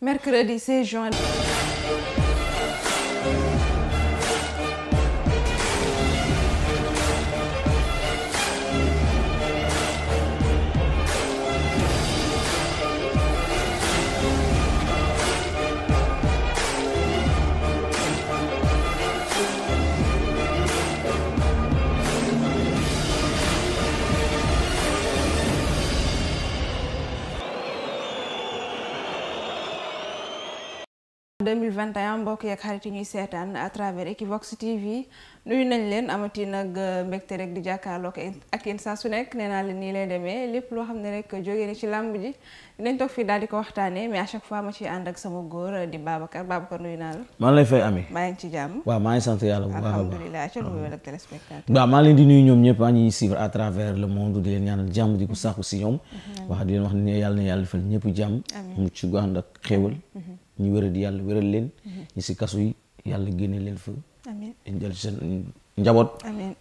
mercredi 16 juin. 2021 mbokk yeeg xarit yi ñuy seetaan à Equivox TV nuyu nañ leen amati nag euh, mbégte rek di jàkkaarloo ak yéen saa su nekk nee naa leen nii lay demee lépp loo xam ne rek jógee na ci làmb ji dinañ fii daal di ko waxtaanee mais à chaque fois ma ciy ànd ak sama góor di Babacar Babacar nuyu naa la. maa ngi lay fay ami maa ngi ci jàmm. waaw maa ngi sant yàlla bu baax a baax maa leen di nuyu ñoom ñëpp a ah, ñuy suivre à le monde di leen ñaanal jàmm di ko sàkku si ñoom. Mhm. wax di leen wax ne yàlla na yàlla defal ñëpp jàmm. mucc gu ànd ak ñu wéradi yàlla wéral leen mhm. ñi si kaso yi yàlla génne leen fa jël seen njaboot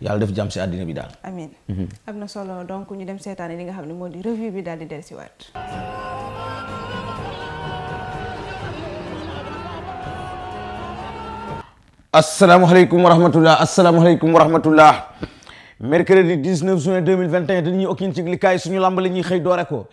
yàlla def jàmm si àddina bi daal amin mhm. am na solo donc ñu dem seetaane li nga xam ne moo di revue bi daal di del si waat asalaamaaleykum wa rahmatullah asalaamaaleykum wa rahmatullah mercredi 19 juin 2021 dañuy okkin ci likaay suñu lamb la ñuy xëy doore ko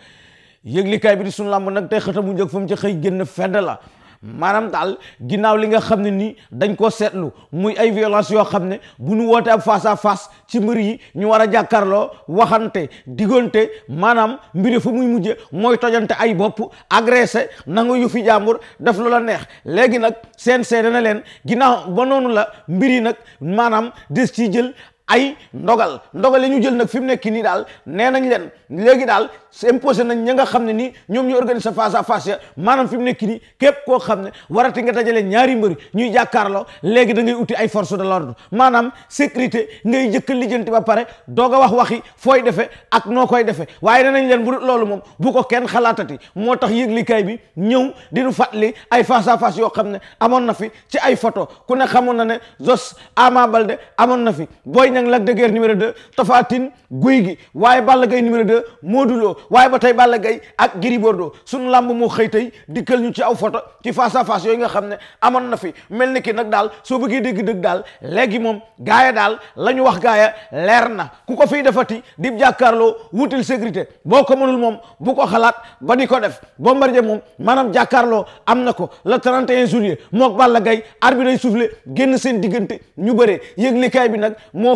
yëglikaay bi di sunu làmb nag tey xëtam mu njëkk fa mu ci xëy génn fedd la maanaam daal ginnaaw li nga xam ne nii dañ koo seetlu muy ay violence yoo xam ne bu ñu wootee ab face à face ci mbir yi ñu war a jàkkaarloo waxante diggante maanaam mbir yi fa muy mujje mooy tojante ay bopp agressé nangu yu fi jàmbur def lu la neex léegi nag seen seede na leen ginnaaw ba noonu la mbir yi nag maanaam des ci jël ay ndogal ndogal yi ñu jël nag fi mu nekk nii daal nee nañ leen leegi daal imposé nañ ña nga xam ne nii ñoom ñu organiser face à face maanaam fi mu nekk nii képp koo xam ne warati nga dajale ñaari mbër ñuy jàkkaarloo léegi da ngay ay force de l'ordre maanaam sécurité ngay jëkk lijjanti ba pare doog a wax waxi fooy defee ak noo koy defee waaye nee nañ leen bu loolu moom bu ko kenn xalaatati moo tax yëglikaay bi ñëw dinu li ay face à yoo xam ne amoon na fi ci ay photo ku ne xamoon na ne Zos Ama Balde amoon na fi booy ñang Lac de Guiers numéro 2 Tapha Tine Gouye Gui waaye Balla Gaye numéro 2 Modou waaye ba tey Balla Gaye ak Gris Bordeaux sunu lamb moo xëy tey dikkal ñu ci aw foto ci face à face yooyu nga xam ne amoon na fi mel ni ki nag daal soo bëggee dégg dëgg daal léegi moom gaaya daal la ñu wax gaaya leer na ku ko fiy defati di loo wutil sécurité boo ko mënul moom bu ko xalaat ba di ko def Bombardier moom maanaam jàkkaarloo am na ko la 31 juillet mook Balla Gaye arbitre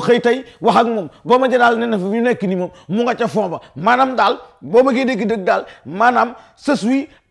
xëy tey wax ak moom boo ma ja daal ne na fi ñu ni moom mu nga ca fond ba maanaam daal boo ma gee dégg dëgg daal maanaam sës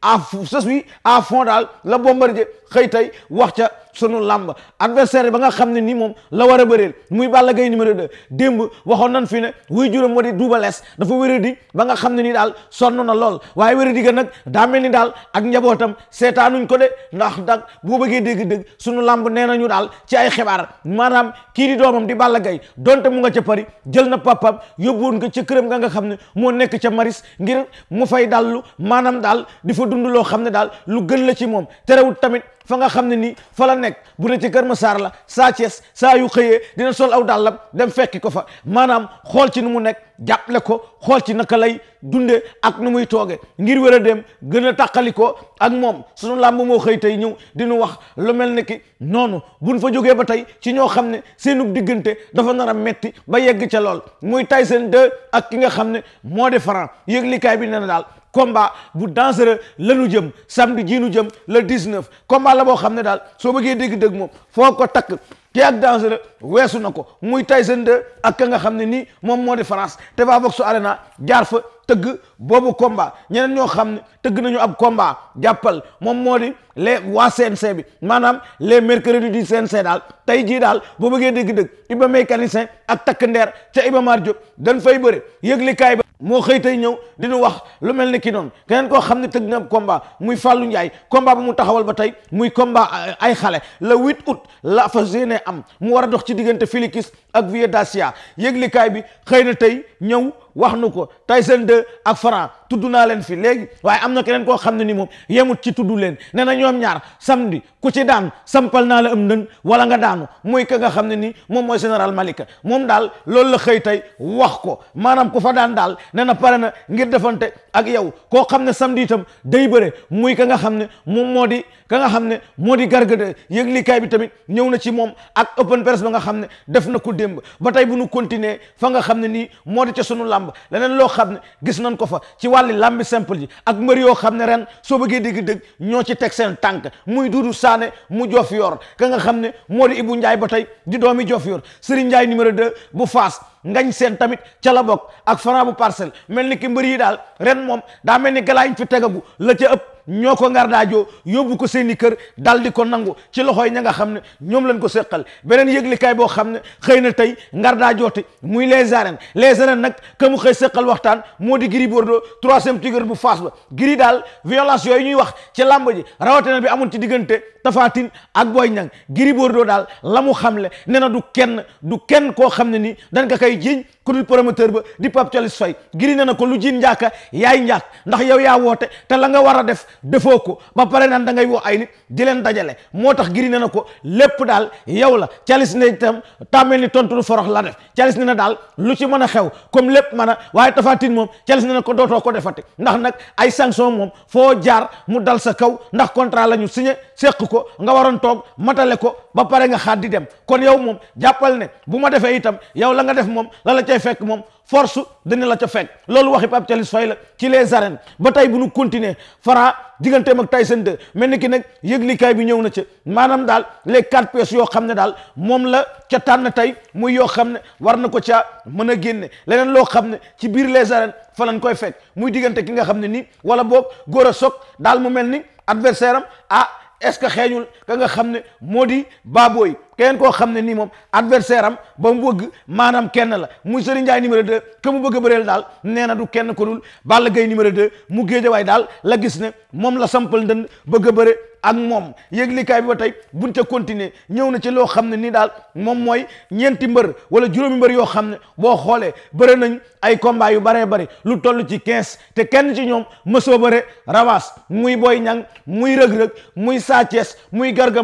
a à sës wi à daal la Bombardier xëy tey wax ca sunu làmb adversaire ba nga xam ne nii moom la war a bëreel muy Balla Gaye numéro de démb waxoon nañ fi ne wuy juróom moo di Double Less dafa wéra di ba nga xam ne nii daal sonn na lool waaye wéra di ga nag daa mel ni daal ak njabootam seetaanuñ ko de ndax dag boo bëggee dégg-dégg sunu làmb nee nañu daal ci ay xibaar maanaam kii di doomam di Balla Gaye donte mu nga ca pari jël na papam yóbbuwoon ko ca këram nga nga xam ne moo nekk ca Maris ngir mu fay dallu maanaam daal di fa dund loo xam ne daal lu gën la ci moom terewut tamit fa nga xam ne nii fa la nekk bu dee ci Kër Massar la saa Thiès saa yu xëyee dina sol aw dàllam dem fekki ko fa maanaam xool ci nu mu nekk jàppale ko xool ci naka lay dunde ak nu muy tooge ngir wér a dem gën a tàqali ko ak moom sunu làmb moo xëy tey ñëw dinu wax lu mel ni ki noonu buñ fa jógee ba tey ci ñoo xam ne seenub diggante dafa nar a metti ba yegg ca lool muy Tyson 2 ak ki nga xam ne moo di Franc yëglikaay bi nee na daal combat bu la lanu jëm samedi jiinu jëm le 19 combat la boo xam ne daal soo bëggee dégg dëgg moom foo ko takk ki ak dangereux weesu na ko muy Tyson 2 ak ka nga xam ne nii moom moo di France te va Vox Arena jaar fa tëgg boobu combat ñeneen ñoo xam ne tëgg nañu ab combat jàppal moom moo di les waa CNC bi maanaam les mercredis du CNC daal tey jii daal boo bëggee dégg-dëgg Iba mécanicien ak takk ndeer ca Iba Mar Diop dañ fay bëre yëgli kaay ba moo xëy tey ñëw di wax lu mel ni ki noonu keneen koo xam ne tëgg na ab combat muy Fallou Ndiaye combat bu mu taxawal ba tey muy combat ay xale la 8 août la fa géné am mu war a dox ci diggante Félix ak Vieux Dacia yëgli kaay bi xëy na tey ñëw wax nu ko Tyson de ak Franc tudd naa leen fi léegi waaye am na keneen koo xam ne ni moom yemut ci tudd leen nee na ñoom ñaar samedi ku ci daan sampal naa la am ndën wala nga daanu mooy ka nga xam ne ni moom mooy général Malika moom daal loolu la xëy tey wax ko maanaam ku fa daan daal nee na pare na ngir defante ak yow koo xam ne samedi itam day bëre muy ka nga xam ne moom moo di ka nga xam ne moo di gargade yëglikaay bi tamit ñëw na ci moom ak open press ba nga xam ne def na ko démb ba tey bu nu continuer fa nga xam ne nii moo di ca sunu làmb làmb leneen loo xam ne gis nañ ko fa ci wàlli làmbi simple ji ak mbër yoo xam ne ren soo bëggee dégg-dégg ñoo ci teg seen tànk muy Dudu Saane mu jof yor ka nga xam ne moo di Ibu Njaay ba tey di doomi jof yor Serigne Njaay numéro 2 bu Faas ngañ seen tamit ca la bokk ak Franc bu parcelle mel ni ki mbër yi daal ren moom daa mel ni galaayiñ fi tegagu la ca ëpp ñoo ko ngar daajoo yóbbu ko seeni kër dal di ko nangu ci loxo loxooy ña nga xam ne ñoom lañ ko seqal beneen yëglikaay boo xam ne xëy na tey ngar daajooti muy les arènes les arènes nag ka mu seqal waxtaan moo di Gris Bordeaux troisième tigre bu Fass ba Gris daal violence yooyu ñuy wax ci làmb ji rawatina bi amoon ci diggante Tapha Tine ak Boy Niang Gris doo daal la mu xamle ne na du kenn du kenn koo xam ne ni dañ ko koy jiñ ku dul promoteur ba di Pape Thialis Faye giri na ko lu jiin njaaka yaay njaak ndax yow yaa woote te la nga war a def defoo ko ba pare naan da ngay woo ay nit di leen dajale moo tax giri na na ko lépp daal yow la Thialis ne itam tàmmel ni tontu lu forox la def Thialis ne na daal lu ci mën a xew comme lépp mën a waaye tafaatin moom Thialis ne na ko dootoo ko defati ndax nag ay sanction moom foo jaar mu dal sa kaw ndax contrat lañu ñu signé séq ko nga waroon toog matale ko ba pare nga xaat di dem kon yow moom jàppal bu itam yow la cay fekk moom force dina la ca fekk loolu waxi Pape Thialis Faye la ci les arènes ba tey bu nu continuer Franc digganteem ak Tyson 2 mel ni ki nag yëglikaay bi ñëw na ca maanaam daal les quatre pièces yoo xam ne daal moom la ca tànn tey muy yoo xam ne war na ko caa mën a génne leneen loo xam ne ci biir les arènes fa koy fekk muy diggante ki nga xam ne nii wala boog góor a soog daal mu mel ni adversaire ah est-ce que xeeñul ka nga xam ne moo di baabooy keneen koo xam ne nii moom adversaire am ba mu bëgg maanaam kenn la muy Serigne Ndiaye numéro 2 que mu bëgg a bëreel daal neena na du kenn ko dul Balla Gaye numéro 2 mu géejawaay daal la gis ne moom la sampal ndënd bëgg a bëre ak moom yëglikaay bi ba tey buñ ca continuer ñëw na ci loo xam ne nii daal moom mooy ñeenti mbër wala juróomi mbër yoo xam ne boo xoolee bëre nañ ay combat yu baree bari lu toll ci quinze te kenn ci ñoom mësoo bëre rawaas muy Boy Niang muy Reug Reug muy Sa muy Garga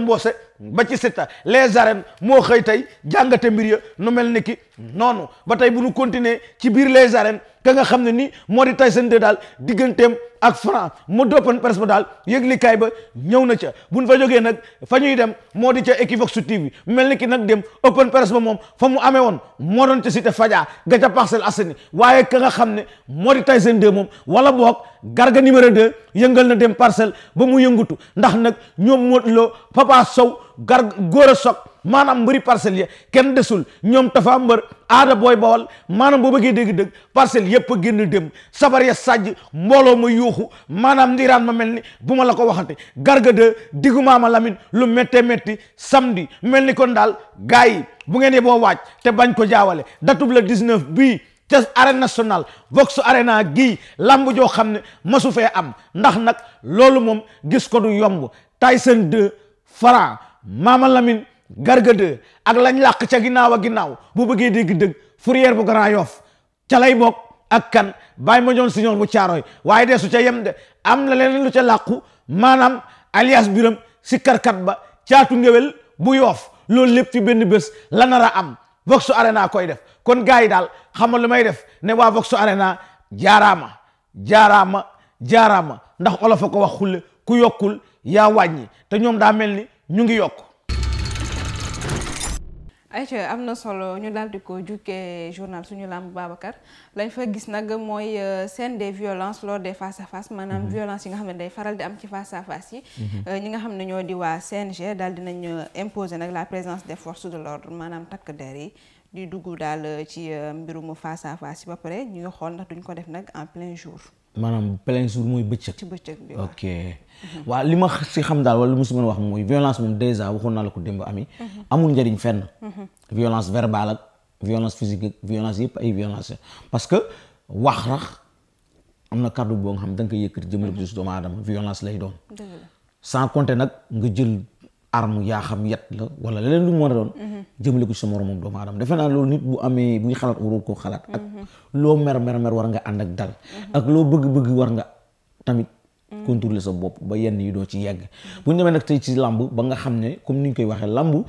ba ci Siteu les arènes moo xëy tey jàngate mbir ya nu mel ni ki noonu ba tey bu nu continuer ci biir les arènes ka nga xam ne ni moo di Tyson daal digganteem ak Franc mu doppan presse ba daal yëglikaay ba ñëw na ca bu buñ fa jógee nag fa ñuy dem moo di ca Equivox TV mel ni ki nag dem open presse ba moom fa mu amee woon moo doon ca Cité Fadia ga ca Parcelles Assainies waaye ka nga xam ne moo di Tyson moom wala boog Garga numéro de yëngal na dem parcelle ba mu yëngutu ndax nag ñoom Modou Lo Papa Sow gar góor a maanaam mbëri parcelles ya kenn desul ñoom tafa mbër aada booy bawal maanaam boo bëggee dégg dëgg parcelles yépp a génn dem sabar ya sàjj mbooloo ma yuuxu maanaam ndiiraan ma mel ni bu ma la ko waxante garga de diggu maama lamin lu méttee métti samdi mel ni kon daal gars yi bu ngeen yeboo waaj te bañ ko jaawale datub la 19 bii te arène nationale Vox Arena gii lamb joo xam ne masu fee am ndax nag loolu moom gis ko du yomb Tyson 2 Franc Mama Lamine Garga 2 ak lañ làq ca ginnaaw a ginnaaw bu bëggee dégg dëgg Fourrière bu Grand yoof ca lay bokk ak kan Baye Mandione Senior bu Caaroy waaye de su ca yem de am na leneen lu ca làqu maanaam alias biram si sikkarkat ba caatu ngewel bu yoof loolu lépp ci benn bés la nar a am Vox Arena koy def kon gars yi daal xamal lu may def ne waa Vox Arena jaaraama jaaraama jaaraama ndax olof a ko wax ku yokkul yaa wàññi te ñoom daa mel ni ñu ngi yokk. ayca am na solo ñu daal di ko jukkee journal suñu làmb Babacar lañ fa gis nag mooy euh, scène des violences lors des face à maanaam mhm. violence yi nga xam ne day faral di am ci face à face yi. Mhm. Euh, ñi nga xam ne ñoo di waa CNG daal dinañ euh, imposer nag la présence des force de l'ordre maanaam takk der yi di dugg daal ci mbirumu face à yi ba pare ñu ngi xool ndax duñ ko def nag en plein jour. maanaam plein jour mooy bëccëg. ok. waaw li ma si xam daal wala li ma si mën wax mooy violence moom déjà waxoon naa la ko démb ami mhm. amul njëriñ fenn. Mhm. violence verbale ak violence physique ak violence yëpp ay violence parce que wax rax am na kàddu boo nga xam da nga koy yëkkati jëmale ko ci doomu aadama violence lay doon. sans compter nag nga jël arme yaa xam yet la wala leneen lu mu mën a doon mhm. jëmale ko ci sa moromam doomu aadama defe naa loolu nit bu amee bu ñu xalaat waroo koo xalaat ak mhm. loo mer mer mer war nga ànd ak dal mhm. ak loo bëgg-bëgg war nga tamit contrôler sa bopp ba yenn yi doo ci yegg bu ñu nag tey ci làmb ba nga xam ne comme ni ñu koy waxee làmb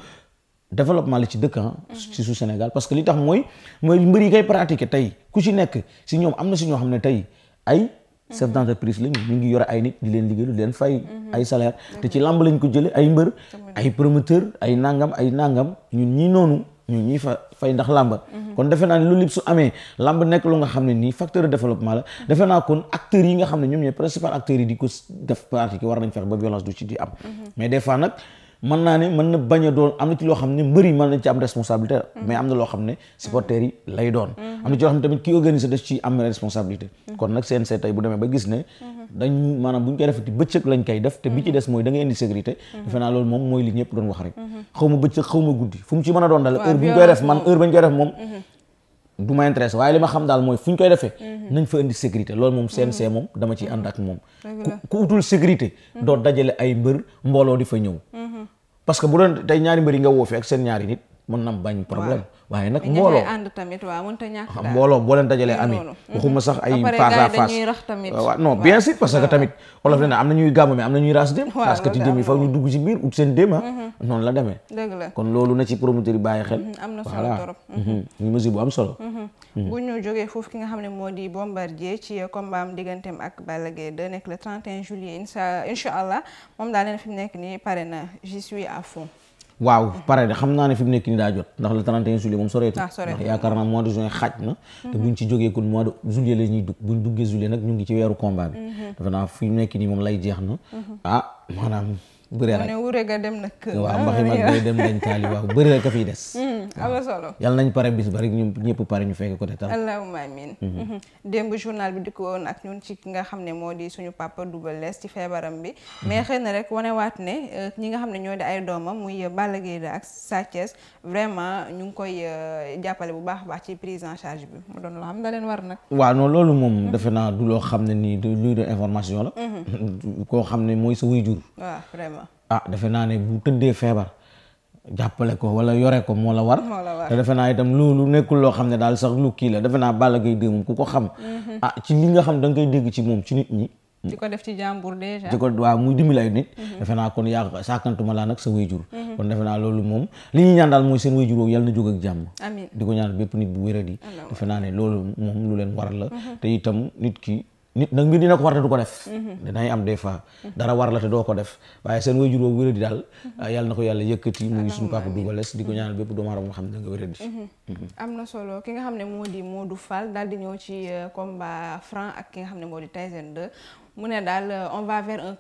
développement la ci dëkk si ah, su Sénégal parce que li tax mooy mooy mbër yi koy pratiquer tey ku ci nekk si ñoom am na si ñoo xam ne tey ay chef d'entreprise lañu ñu ngi yore ay nit di leen liggéey di leen fay ay salaire te ci làmb lañ ko jële ay mbër ay promoteur ay nangam ay nangam ñun ñii noonu ñu ñi fa fay ndax làmb kon defe naa ne loolu lépp su amee làmb nekk lu nga xam ne nii facteur de développement la defe naa kon acteurs yi nga xam ne ñoom ñooy principal acteurs yi di ko def partie ki war nañ fexe ba violence du ci di am mais des fois nag mën naa ne mën na bañ doon am na ci loo xam ne mbër yi nañ ci am responsabilité mais am na loo xam ne supporters yi lay doon am na ci loo xam ne tamit ki organiser daf ci am responsabilité kon nag CNC tey bu demee ba gis ne dañ maanaam bu koy defati bëccëg lañ koy def te bi ci des mooy da indi sécurité defe loolu moom mooy li ñëpp doon wax rek xaw ma bëccëg xaw ma guddi fu ci mën a doon dal heure bu koy def man heure ba koy def moom mhm. du ma intéressé waaye li ma xam daal mooy fu ñu koy defee mhm. nañ fa indi sécurité loolu moom seen mhm. CNC moom dama ciy ànd ak moom ku utul sécurité mhm. doo dajale ay mbër mbooloo di fa ñëw parce que bu doon tey ñaari mbër yi nga woo fi ak seen ñaari nit mën na bañ problème waaye nag mbooloo ànd tamit waaw mënta ñàkk ah, daal mbooloo boo leen dajalee ami waxuma sax ay face à face waaw non parce que tamit olof ne am na ñuy gàmmu am na ñuy raas dem parce que ti dem yi faw ñu dugg ci biir ut seen déma ah. mm-hmm. noonu la demee kon loolu na ci promoteur yi xel mm-hmm, am na solo mm-hmm. am solo bu ñu jógee ki nga xam ne moo di bombardier ci combat am digganteem ak Balla Gaye nekk le 31 juillet incha allah moom daal leen fi nekk nii pare na j'y waaw pare de xam naa ne fi mu nekk nii daa jot ndax le 31 juillet moom soreetu ah, ndax yaakaar naa mois de juin xaaj na mhm. te buñ ci jógee kon mois de juillet la ñuy dugg buñ duggee juillet nag ñu ngi ci weeru combat bi mhm. dafa naa fi mu nekk nii moom lay jeex na mhm. ah maanaam bëre nag mu ne dem na kër waaw mbaxi mag day na solo yal nañ ko te mhm. Mhm. ak ñun ci ki nga xam ne moo di suñu papa Double Less ci feebaram bi. Mhm. mais xëy na rek wanewaat ne euh, ñi nga xam ne ñoo di ay doomam muy Balla Gaye ak Sa Thiès vraiment ñu ngi koy euh, jàppale bu baax a baax ci prise en charge bi mu doon loo xam da leen war nag. waaw non loolu moom defe naa du loo xam ne nii du luy doon information la. koo xam ne mooy sa wuy jur. waaw vraiment. ah defe naa ne bu tëddee feebar jàppale ko wala yore ko moo la war te defe naa itam loolu nekkul loo xam ne daal sax lu kii la defe naa Balla Gaye dé moom ku ko xam mhm. ah ci li nga xam da nga koy dégg ci moom ci nit ñi di ko def ci jàmbur déjà di ko waaw muy dimbali ay nit mhm. defe naa kon yaa sàkkantuma laa sa wayjur mhm. kon defe naa loolu moom na jóg ak jàmm amiin di ko ñaanal bépp nit bu wéradi defe naa ne loolu moom lu leen waral la te itam nit ki nit nag mbir dina ko war te du ko def mhm. dinañ am des fois dara war la doo ko def waaye seen way juróom wéradi daal mhm. yàlla na ko yàlla yëkkati mu ngi suñu papa dugales di ko mhm. ñaanal bépp doomu aadama xam ne nga wéradi am na solo ki nga xam ne moo di moo du Fall daal di ñëw ci euh, ba franc ak ki nga xam ne moo di Tyson 2 mu ne daal euh, on la mhm.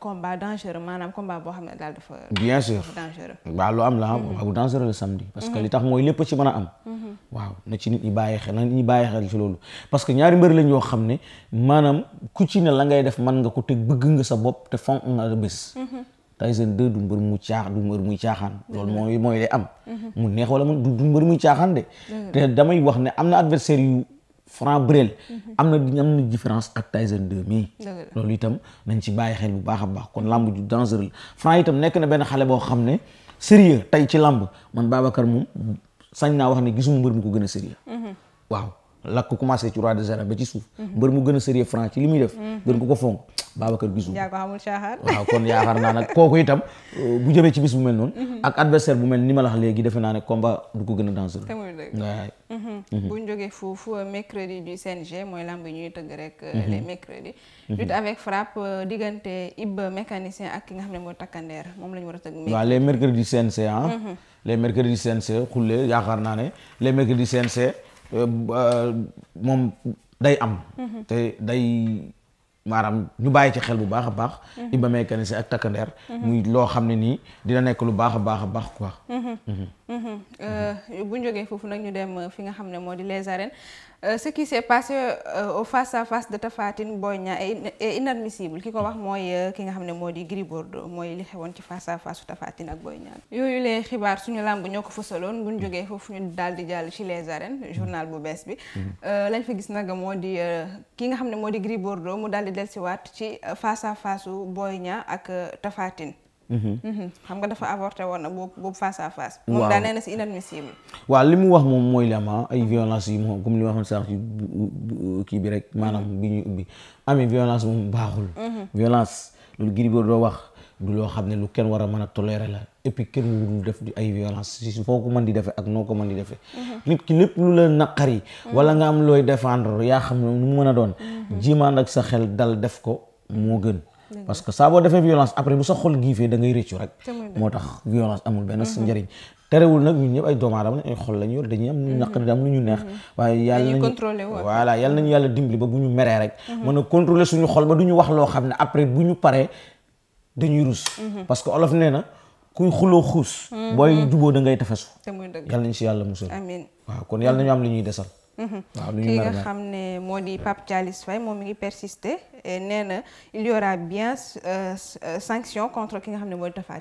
mhm. li tax mooy lépp a am. Mhm. waaw na ci nit ñi bàyyi xel na nit ñi bàyyi xel ci loolu parce que la ngay def man nga ko te bëgg nga sa bopp te fonk nga la bés. Tyson 2 du mbër mu caax du muy caaxaan mu neex wala mu du mbër muy caaxaan de te damay wax ne am na adversaire yu Franc Brél. Mhm. am na am na différence ak Tyson 2 mii. loolu itam nañ ci bàyyi xel bu baax a baax kon làmb ju dangereux la Franc itam nekk na benn xale boo xam ne sérieux tey ci làmb man Babacar moom sañ naa wax ne gisuma mbër mu ko gën a sérieux mhm. lakk commencé ci roi des arènes ba ci suuf mbër mu gën a sérieux franc ci li muy def gën ko ko fonk Babacar Guissou yaa ko xamul caaxaan yaakaar naa kooku itam bu jëmee ci bis bu mel noonu mhm. ak adversaire bu mel ni ma la wax léegi defe naa combat du ko gën a dangereux waay mhm. mhm. bu ñu foofu euh, mercredi du CNG mooy lamb yi ñuy tëgg rek euh, les mercredis lutte avec frappe euh, ak ki nga xam ne mooy takkandeer moom la ñu war a tëgg waaw les mercredis CNG ah yaakaar naa ne les mercredis Euh, moom day am. Mhm. te day. maanaam ñu bàyyi ci xel bu baax a baax. Mhm. Iba mécanicien ak takkandeer. Mhm. muy loo xam ne nii dina nekk lu baax a baax a baax quoi. Euh, bu ñu jógee foofu nag ñu dem fi nga xam ne moo di les Euh, ce qui s'est passé euh, au face à face de tafatin Tine Boy Niang est inadmissible ki ko wax mooy euh, ki nga xam ne moo di Gris Bordeaux mooy li xewoon ci face à face su Tapha Tine ak Boy Niang yooyu lee xibaar suñu làmb ñoo ko fësaloon buñ jógee foofu ñu daal di jàll ci les arènes journal bu bees bi mhm. lañ fa gis nag moo di ki nga xam ne moo di Gris Bordeaux mu daal di dellusiwaat ci face à face su Boy Niang ak Tapha Mhm. Mhm. xam nga dafa avorté woon na boobu boobu face à face. waaw moom daal nee na si inadmissible. waaw li mu wax moom mooy li am ah, ay violence yi moom comme li ma waxoon sax kii bi rek maanaam bi ñuy ubbi amee ah, violence moom baaxul. Mhm. violence loolu giri boobu doo wax du loo xam ne lu kenn war a mën a tolérer la et puis kenn mu def ay violence si foo ko mën di defee ak noo ko mën di defee. nit ki lépp lu la naqari. wala nga am looy défendre yaa xam ne nu mën a doon. jiimaan ak sa xel dal def ko moo gën. parce que saa boo defee violence après bu sa xol giifee da ngay rëccu rek moo tax violence amul benn sa mhm. njëriñ terewul nag ñun ñëpp ay doomu aadama ay xol lañu yor dañuy ñu naqari am lu ñu neex mhm. waaye yàlla nañu contrôlé voilà yàlla nañu yàlla dimbali ba bu ñu meree rek mhm. mën a contrôler suñu xol ba du ñu wax loo xam ne après bu ñu paree dañuy rus parce que olof nee na kuy xuloo xuus booy juboo da ngay tefesu yàlla nañ si yàlla musal amiin waaw kon yàlla nañu am li ñuy desal waaw li nga xam ne moo di Pape Thialis Faye moom mi ngi persister et nee na il y aura bien euh, sanction contre ki nga xam ne mooy di Tapha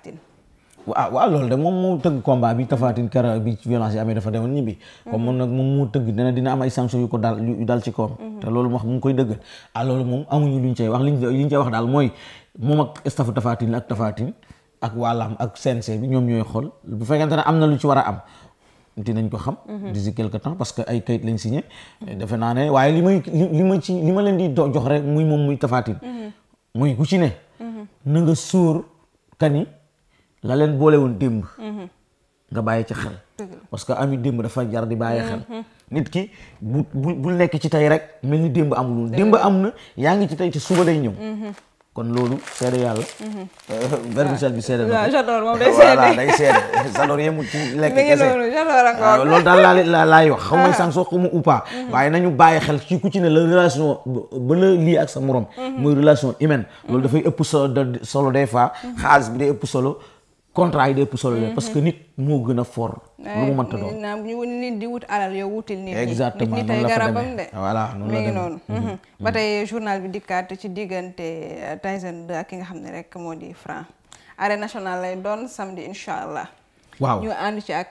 waa waaw loolu de moom moo tëgg combat bi Tapha Tine kara bi violence yi amee dafa demoon ñibbi. comme mhm. moom nag moom tëgg dina dina am ay sanctions yu ko daal daal ci mhm. loolu wax mu ngi koy dëggal ah loolu moom amuñu luñ cay wax liñ liñ cay wax daal mooy moom ak staffu Tapha Tine ak Tapha Tine ak wàllam ak CNC bi ñoom ñooy xool bu fekkente ne am na lu ci war a am. nañ ko xam. Mhm. d'ici quelque temps parce que ay kayit lañ signé. defe naa ne waaye li may li ma ci li ma leen di jox rek muy moom muy tafaatin. Mhm. muy ku ci ne. Mhm. na nga sóor kani la leen boole woon démb. nga bàyyi ci xel. parce que ami démb dafa jar di bàyyi xel. nit ki bu bu bu nekk ci tey rek mel ni démb amul woon démb am na yaa ngi ci tey ci suba lay ñëw. kon loolu seede yàlla. Mhm. Euh, verbe chef bi seede na. j'adore moom day seede ah, loolu daal laa la laay wax. xaw ma ah. sànq soo xamu ou pas. Mhm. waaye nañu bàyyi xel ci ku ci ne la relation ba la lii ak sa morom. Mhm. muy relation humaine. loolu dafay ëpp solo solo des fois. xaalis bi day ëpp solo. contrat yi day ëpp solo leen mhm. parce que nit moo gën a fort. Eh, lu mu mënta doon ñu nit di wut alal yow wutil nit. exactement nit ay garabam de. voilà noonu la demee mhm. Mhm. ba tey journal bi dikkaat ci diggante euh, Tyson 2 ak ki nga xam ne rek moo di Franc. arène nationale lay doon samedi incha allah. waaw ñu ànd ci ak.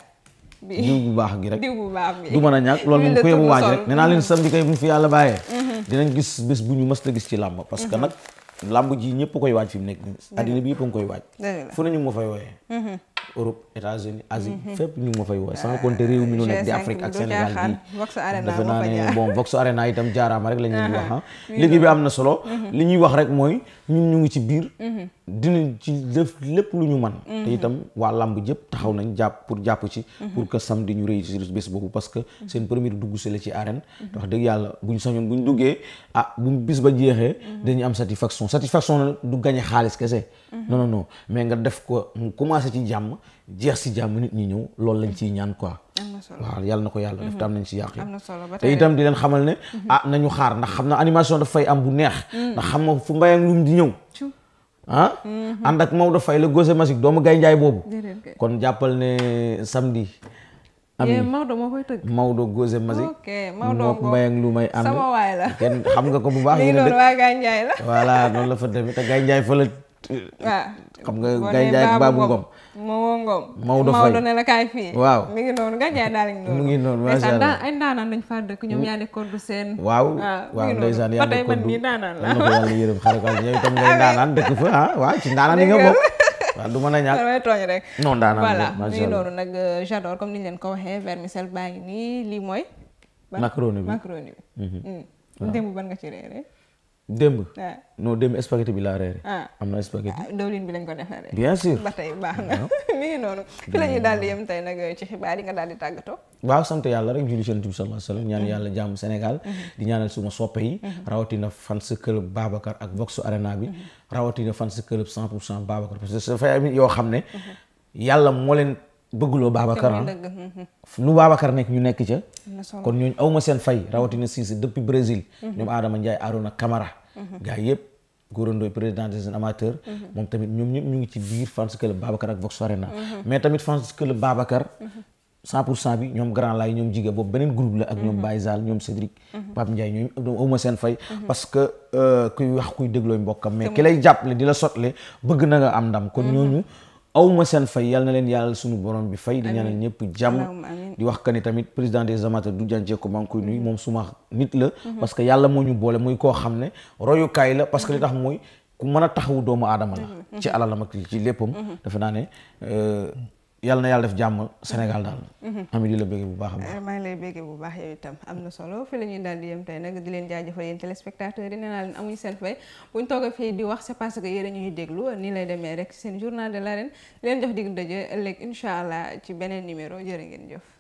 diw bu baax gi rek bu du mën a ñàkk loolu moom ku yebu waaj rek nee naa leen samedi kay bu ñu fi yàlla bàyyee. dinañ gis bés bu ñu mës a gis ci làmb parce que nag. lamb ji ñëpp koy waaj fi mu nekk nii. addina bi yëpp koy waaj. fu ne ñu ngi ma fay wooyee. Mhm. Europe États-Unis Asie mhm. fépp ñu ma fay wooyee ah, sans compter réew mi ñu nekk di Afrique ak Sénégal bi Vox Arena itam jaaraama rek la ñuy ah, wax ah. bi am na solo. Mhm. li ñuy wax rek mooy ñun ñu ngi ci biir. dinañ ci def lépp lu ñu man mm-hmm. te itam waa làmb jëpp taxaw nañ jàpp pour jàpp ci mm-hmm. pour que samedi ñu réussir bés boobu parce que mm-hmm. seen première dugg si la ci arène wax dëgg yàlla buñ ñu sañoon ñu duggee ah bu bis ba jeexee dañu am satisfaction satisfaction na du gañe xaalis kese non non mais nga def ko mu commencé ci jàmm jeex si jàmm nit ñi ñëw loolu lañ ciy ñaan quoi waaw yàlla na ko yàlla def tam nañ si yàq te itam di leen xamal ne ah nañu xaar ndax xam na animation daf fay am bu neex ndax xam nga fu mbayang lum di ñëw ah mhm. ànd ak Maodo fay la gose Masik doomu Gaye Njaay boobu kon jàppal ne samedi ami Maodo moo koy tëgg Maodo gose Masik mook mbay lu may ànd sama kenn xam nga ko bu baax ñu ne dëkk waa Gaye la voilà noonu la fa demee te Gaye Njaay fa la waaw eh, ah, xam nga Ngaye Ndiaye ak Babou Ngom Maodo Ngom Maodo Faye Maodo fii waaw mi ngi noonu Ngaye Ndiaye daal mu ngi noonu macha allah ay ndaanaan lañ faa dëkk ñoom yaa nekkoon du seen waaw ah, waaw yaa nekkoon ko yàlla yërëm xarakal yow itam ngay ah, ndaanaan dëkk fa ah waaw ci nga a ñàkk damay rek non ndaanaan voilà mi ngi noonu nag euh, leen ko waxee vermicelle baa ngi nii mooy macaroni bi macaroni mhm. mm. nga ci reere démb. non démb spaghetti bi laa reere. am na spaghetti. Ah, dawlin bi lañ ko defaree. bien sûr ba tey baax na mi ngi noonu. fi la ñuy daal di yem tey nag ci xibaar yi nga daal di tàggatoo. waaw sant yàlla rek julli ci Yonent bi sallallahu alayhi wa sallam ñaan Arena mhm. bi. Mhm. rawatina fans club 100 mhm. pour parce que dafay am yoo xam ne. yàlla moo leen. bëgguloo Babacar lu ah. Babacar nekk ñu nekk ca kon ñooñ awma seen fay rawatina Cissé depuis Brésil ñoom Adama Ndiaye Arona Camara Mhm. gars yëpp góorandooy président des amateurs mhm. moom tamit ñoom ñëpp ñu ngi ci biir fans club Babacar ak Vox Arena mhm. mais tamit fans club Babacar cent pour cent bi ñoom Grand Laye ñoom Jiga boobu beneen groupe la ak ñoom Baye ñoom Cédric Pape Ndiaye ñoom am ndam kon ñooñu awma seen fay yal na leen yàlla suñu borom bi fay di ñaanal ñëpp jàmm di wax que tamit président des amateurs du jàncee ko maa ngi koy nuyu moom suma nit la mhm. parce que yàlla moo ñu boole muy koo xam ne royukaay la parce que li mhm. tax mooy ku mën a taxawu doomu aadama la mhm. ci alalam ak ci léppam dafa naa ne euh, yàlla na yàlla def jàmm Sénégal daal. am mhm. bu baax a eh, maa ngi lay bëggee bu baax yow itam am na solo fi la ñuy daal di yem tey nag di leen jaajëfal yéen téléspectateurs yi nee naa leen amuñu seen fay buñ toogee fii di wax c'est que yéen ñuy déglu nii lay demee rek seen journal de l'arène di leen jox dig daje ëllëg incha allah ci beneen numéro jërë ngeen jëf.